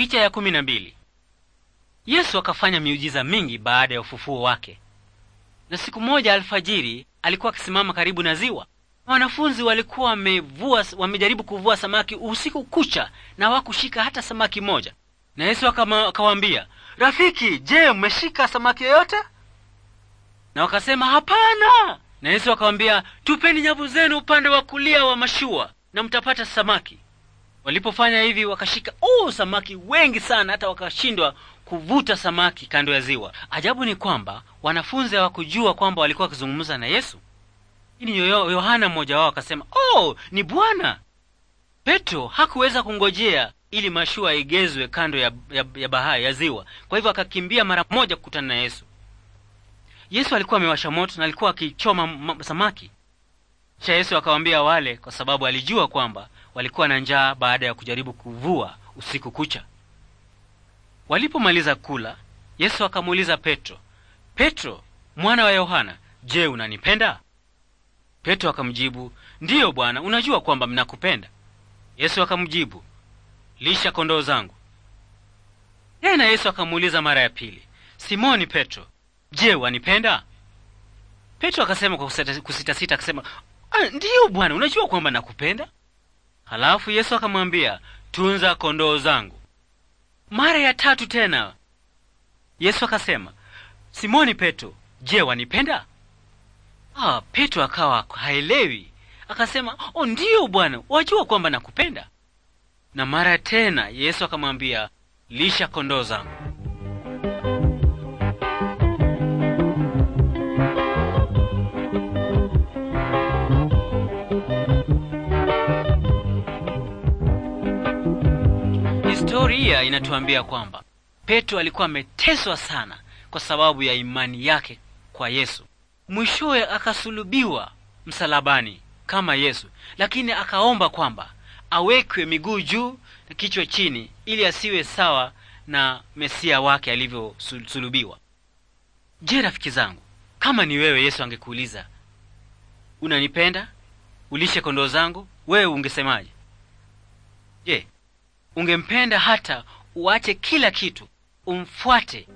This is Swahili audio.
Picha ya kumi na mbili. Yesu akafanya miujiza mingi baada ya ufufuo wake. Na siku moja alfajiri alikuwa akisimama karibu na ziwa. Wanafunzi walikuwa wamevua, wamejaribu kuvua samaki usiku kucha na hawakushika hata samaki moja. Na Yesu akawaambia, rafiki, je, mmeshika samaki yoyote? Na wakasema hapana. Na Yesu akawaambia, tupeni nyavu zenu upande wa kulia wa mashua na mtapata samaki. Walipofanya hivi wakashika oh, samaki wengi sana, hata wakashindwa kuvuta samaki kando ya ziwa. Ajabu ni kwamba wanafunzi hawakujua kwamba walikuwa wakizungumza na Yesu. ili Yohana mmoja wao akasema, oh, ni Bwana. Petro hakuweza kungojea ili mashua igezwe kando ya, ya, ya bahari ya ziwa. Kwa hivyo akakimbia mara moja kukutana na Yesu. Yesu alikuwa amewasha moto na alikuwa akichoma samaki, kisha Yesu akawaambia wale, kwa sababu alijua kwamba walikuwa na njaa baada ya kujaribu kuvua usiku kucha. Walipomaliza kula, Yesu akamuuliza Petro, Petro mwana wa Yohana, je, unanipenda? Petro akamjibu, ndiyo Bwana, unajua kwamba mnakupenda. Yesu akamjibu, lisha kondoo zangu. Tena Yesu akamuuliza mara ya pili, Simoni Petro, je, wanipenda? Petro akasema kwa kusitasita, akasema ah, ndiyo Bwana, unajua kwamba nakupenda. Halafu Yesu akamwambia, tunza kondoo zangu. Mara ya tatu tena Yesu akasema, Simoni Petro, je, wanipenda? Ah, Petro akawa haelewi, akasema, o, oh, ndiyo Bwana, wajua kwamba nakupenda. Na mara tena Yesu akamwambia, lisha kondoo zangu. Historia inatuambia kwamba Petro alikuwa ameteswa sana kwa sababu ya imani yake kwa Yesu. Mwishowe akasulubiwa msalabani kama Yesu, lakini akaomba kwamba awekwe miguu juu na kichwa chini ili asiwe sawa na Mesia wake alivyosulubiwa. Je, rafiki zangu, kama ni wewe, Yesu angekuuliza unanipenda? Ulishe kondoo zangu? Wewe ungesemaje? Ungempenda hata uache kila kitu, umfuate